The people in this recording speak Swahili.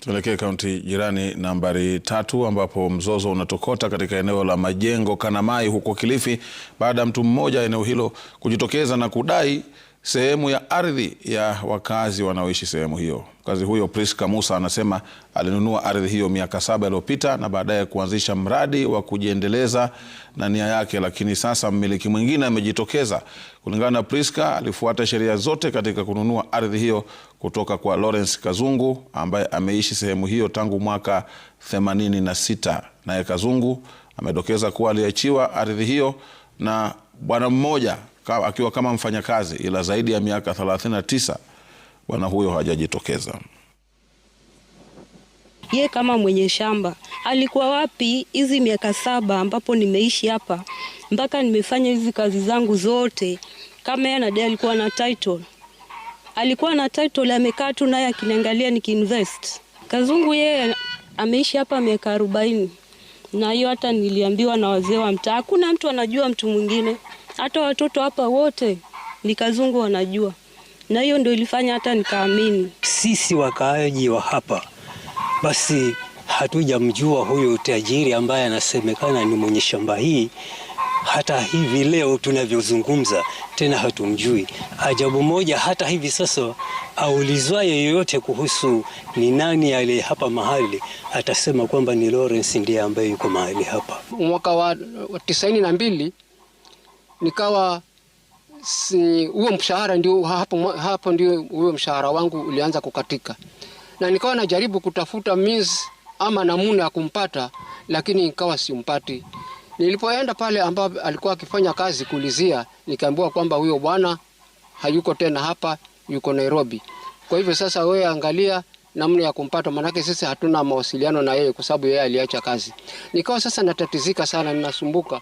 Tuelekee kaunti jirani nambari tatu ambapo mzozo unatokota katika eneo la Majengo Kanamai huko Kilifi baada ya mtu mmoja eneo hilo kujitokeza na kudai sehemu ya ardhi ya wakazi wanaoishi sehemu hiyo. Mkazi huyo Priska Musa anasema alinunua ardhi hiyo miaka saba iliyopita na baadaye kuanzisha mradi wa kujiendeleza na nia yake, lakini sasa mmiliki mwingine amejitokeza. Kulingana na Priska, alifuata sheria zote katika kununua ardhi hiyo kutoka kwa Lawrence Kazungu ambaye ameishi sehemu hiyo tangu mwaka 86. Naye Kazungu amedokeza kuwa aliachiwa ardhi hiyo na bwana mmoja akiwa kama mfanyakazi, ila zaidi ya miaka 39 bwana huyo hajajitokeza. Ye kama mwenye shamba alikuwa wapi hizi miaka saba ambapo nimeishi hapa mpaka nimefanya hizi kazi zangu zote? Kama yeye anadai alikuwa na title, alikuwa na title, amekaa tu naye akiniangalia nikiinvest. Kazungu yeye ameishi hapa miaka arobaini, na hiyo hata niliambiwa na wazee wa mtaa, hakuna mtu anajua mtu mwingine hata watoto hapa wote ni wanajua, na hiyo ndio ilifanya hata nikaamini. Sisi wakaaji wa hapa basi hatujamjua huyu tajiri ambaye anasemekana ni mwenye shamba hii hata hivi leo tunavyozungumza tena hatumjui. Ajabu moja, hata hivi sasa aulizwa yeyote kuhusu ni nani aliye hapa mahali, atasema kwamba ni Lawrence ndiye ambaye yuko mahali hapa. Mwaka wa 92 nikawa si huo mshahara ndio hapo, hapo ndio huo mshahara wangu ulianza kukatika, na nikawa najaribu kutafuta means ama namuna ya kumpata, lakini nikawa simpati. Nilipoenda pale ambapo alikuwa akifanya kazi kulizia, nikaambiwa kwamba huyo bwana hayuko tena hapa, yuko Nairobi. Kwa hivyo sasa, wewe angalia namna ya kumpata, maanake sisi hatuna mawasiliano na yeye kwa sababu yeye aliacha kazi. Nikawa sasa natatizika sana, ninasumbuka.